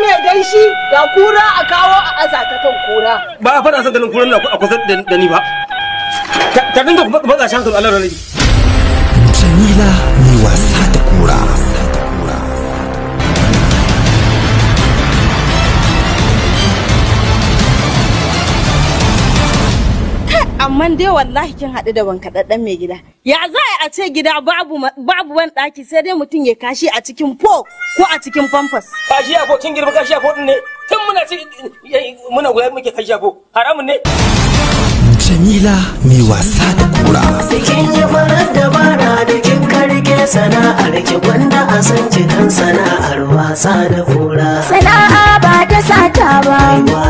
ne dan shi da kura a kawo a aza ta kan kura ba a fara san ganin kuran a kusa da ni ba ta dinga matsa shan Allah ni. jamila mai wasa amma dai wallahi kin haɗu da bankaɗaɗɗen mai gida ya za a ce gida babu babu ban ɗaki sai dai mutum ya kashi a cikin po ko a cikin pampas kashi a po kin girma kashi a po ne tun muna ci eh, muna goyar muke kashi a po haramun ne Jamila mai wasa da kura cikin yi farar bara da kin karge sana'ar ki gwanda a san cikin sana'ar wasa da kura Sana'a ba ta sata ba